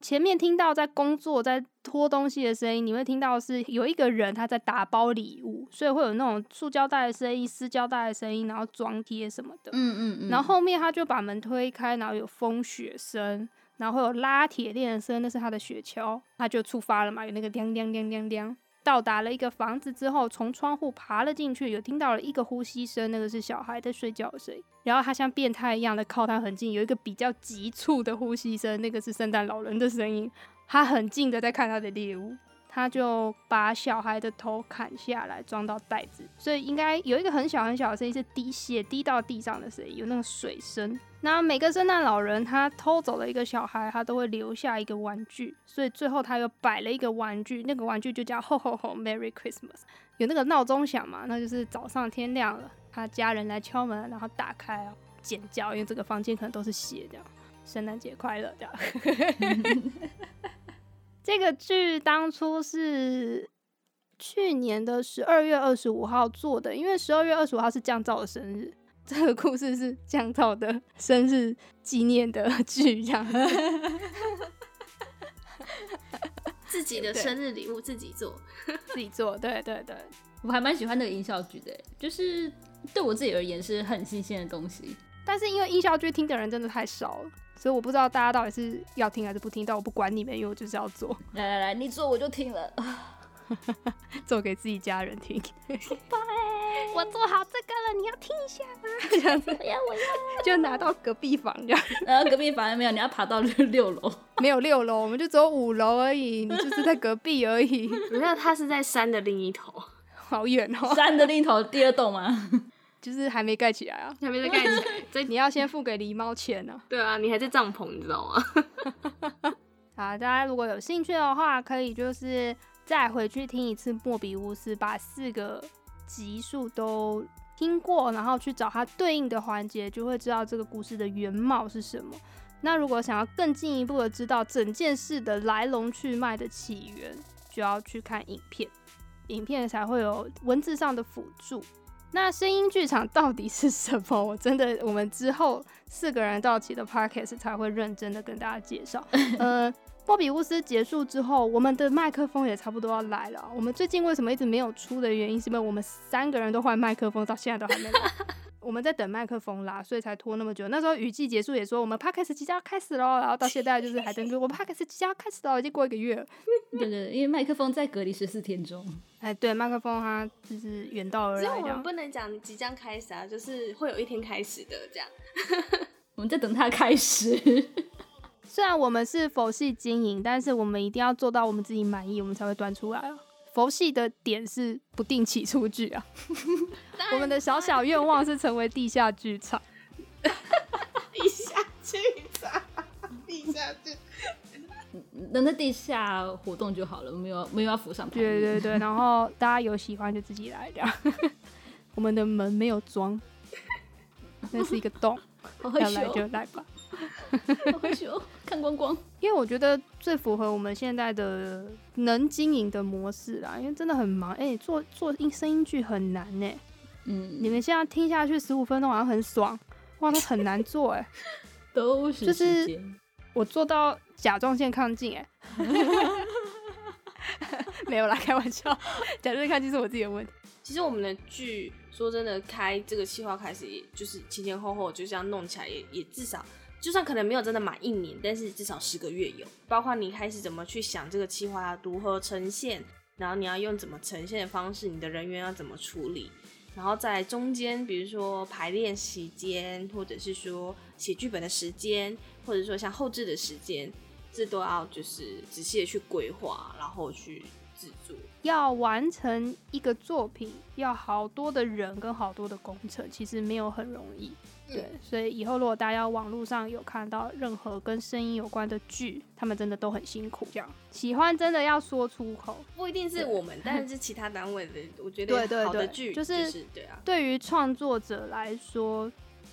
Speaker 1: 前面聽到在工作在拖東西的聲音，你會聽到是有一個人他在打包禮物，所以會有那種塑膠袋的聲音、撕膠帶的聲音，然後裝貼什麼的。嗯嗯。然後後面他就把門推開，然後有風雪聲。然後有拉鐵鏈的聲，那是他的雪橇，他就出發了嘛。有那個叮叮叮叮叮，到達了一個房子之後，從窗戶爬了進去，有聽到了一個呼吸聲，那個是小孩在睡覺的聲音。然後他像變態一樣的靠他很近，有一個比較急促的呼吸聲，那個是聖誕老人的聲音，他很近的在看他的獵物。他就把小孩的頭砍下來裝到袋子，所以應該有一個很小很小的聲音是滴血滴到地上的聲音，有那個水聲。那每個聖誕老人他偷走了一個小孩，他都會留下一個玩具，所以最後他又擺了一個玩具，那個玩具就叫“吼吼吼，Merry Christmas”，有那個鬧鐘響嘛，那就是早上天亮了，他家人來敲門，然後打開啊、尖叫，因為這個房間可能都是血這樣，聖誕節快樂這樣。 這個劇當初是去年的十二月二十五號做的，因為十二月二十五號是降噪的生日，這個故事是降噪的生日紀念的劇的，這樣。
Speaker 2: 自己的生日禮物自己做，
Speaker 1: 對自己做，對對對，我還蠻喜歡那個音效劇的，就是對我自己而言是很新鮮的東西，但是因為音效劇聽的人真的太少了。所以我不知道大家到底是要聽還是不聽，但我不管你們，因為我就是要做。來來來，你做我就聽了， 做給自己家人聽。拜 Bye 我做好這個了，你要聽一下嗎？這樣子，我要我要，就要拿到隔壁房，然後，然後隔壁房又沒有，你要爬到六樓，沒有六樓，我們就只有五樓而已，你就是在隔壁而已。你 知道他是在山的另一頭，好遠哦，山的另一頭
Speaker 3: 第二棟嗎？
Speaker 1: 就是還沒蓋起來啊，還沒在蓋起來，所以 你要先付給狸貓錢呢、啊。對啊，你還在帳篷，你知道嗎？ 好，大家如果有興趣的話，可以就是再回去聽一次《莫比烏斯》，把四個集數都聽過，然後去找它對應的環節，就會知道這個故事的原貌是什麼。那如果想要更進一步的知道整件事的來龍去脈的起源，就要去看影片，影片才會有文字上的輔助。那聲音劇場到底是什麼？我真的，我們之後四個人到齊的 podcast 才會認真的跟大家介紹。 呃，莫比烏斯結束之後，我們的麥克風也差不多要來了。我們最近為什麼一直沒有出的原因，是因為我們三個人都換麥克風，到現在都還沒來。 我們在等麥克風啦，所以才拖那麼久。那時候雨季結束也說我們 Podcast 即將開始嘍，然後到現在就是還等。我 Podcast 即將開始了，已經過一個月了。 對對，因為麥克風在隔離十四天中。哎，對，麥克風它就是遠道而來。所以我們不
Speaker 2: 能講即將開始啊，就是會有一天開始的這樣。
Speaker 1: 我們在等它開始。 雖然我們是佛系經營，但是我們一定要做到我們自己滿意，我們才會端出來佛系的點是不定期出劇啊， 我們的小小願望是成為地下劇場, 場，地下劇場, 場，
Speaker 3: 地下劇，
Speaker 1: 能在地下活動就好了，沒有沒有要浮上台。 對對對，然後大家有喜歡就自己來，掉 我們的門沒有裝，那是一個洞， 要來就來吧。看光光， 因為我覺得最符合我們現在的能經營的模式啦。因為真的很忙，哎、欸，做做音聲音劇很難呢、欸。嗯，你們現在聽下去十五分鐘好像很爽，哇，都很難做哎、欸，都是就是我做到甲狀腺亢進哎， 沒有啦，開玩笑，甲狀腺亢進是我自己的問題。
Speaker 2: 其實我們的劇說真的，開這個企劃開始，也就是前前後後就這樣弄起來也，也也至少。就算可能沒有真的滿一年，但是至少十個月有。包括你開始怎麼去想這個計劃要如何呈現，然後你要用怎麼呈現的方式，你的人員要怎麼處理，然後在中間，比如說排練時間，或者是說寫劇本的時間，或者說像後製的時間，這都要就是仔細的去規劃，然後去製作。
Speaker 1: 要完成一個作品，要好多的人跟好多的工程，其實沒有很容易。嗯、對，所以以後如果大家要網絡上有看到任何跟聲音有關的劇，他們真的都很辛苦。這樣喜歡真的要說出口，不一定是我們，對但是
Speaker 2: 其他單位的，我覺得有好的劇、對對對就是，就是，對啊。
Speaker 1: 對於創作者來說，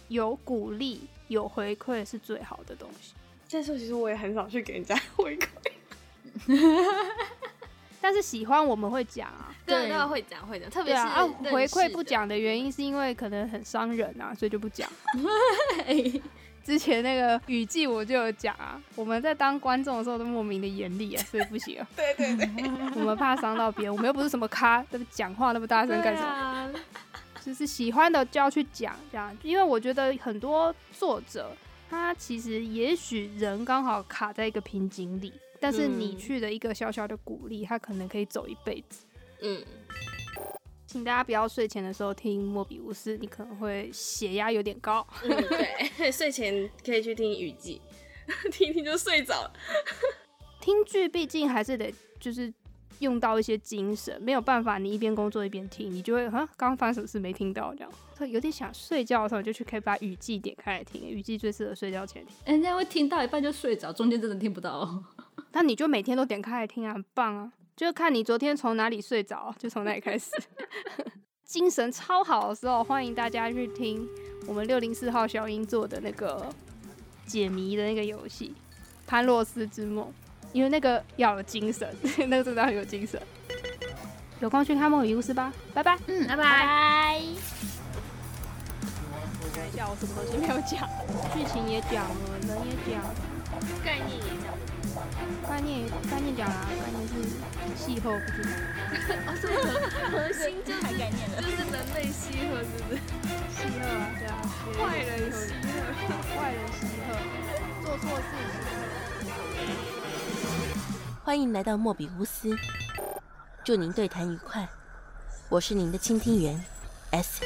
Speaker 1: 有鼓勵、有回饋是最好的東西。這時候其實我也很少去
Speaker 2: 給人家回饋，
Speaker 1: 但是喜歡我們會講、啊。對，
Speaker 2: 對會講會講，特別是對啊，啊回饋不
Speaker 1: 講的原因是因為可能很傷人啊，所以就不講。 欸、之前那個語氣我就有講啊，我們在當觀眾的時候都莫名的嚴厲啊，所以不行啊。對對對、
Speaker 3: 嗯，我們
Speaker 1: 怕傷到別人，我們又不是什麼咖，講話那麼大聲幹什麼？啊、就是喜歡的就要去講，這樣，因為我覺得很多作者他其實也許人剛好卡在一個瓶頸裡，但是你去的一個小小的鼓勵，他可能可以走一輩子。嗯，請大家不要睡前的時候聽《莫比烏斯》，你可能會血壓有點高。對、嗯，okay, 睡前可以去聽《雨季》，
Speaker 2: 聽聽就睡着
Speaker 1: 了。聽劇畢竟還是得就是用到一些精神，沒有辦法，你一邊工作一邊聽，你就會哈剛發生什麼事沒聽到這樣。他有點想睡覺的時候就去可以把《雨季》點開來聽，《雨季》最適合睡覺前聽，欸。人家會聽到一半就睡着，中間真的聽不到哦。 那你就每天都點開來聽啊，很棒啊。就看你昨天從哪裡睡着，就從那裡開始。 精神超好的時候，歡迎大家去聽我們六零四號小英做的那個解謎的那個遊戲《潘洛斯之夢》，因為那個要有精神，那個真的很有精神。 有空去看《夢與故事》吧，拜拜。嗯，拜拜 bye。改一下，我什麼東西沒有講？劇情也講了，人也講了。概念也假，概念講、啊、概念假了，關鍵
Speaker 2: 是系厚不是。哈哈哈哈哈！核心這、就、還、是、概念呢？是人類系厚是不是？系厚啊，對啊，壞人有系厚，系厚
Speaker 1: 壞人系厚，系厚 做錯事
Speaker 2: 情。歡迎來到莫比烏斯，祝您對談愉
Speaker 1: 快，我是您的傾聽員，S。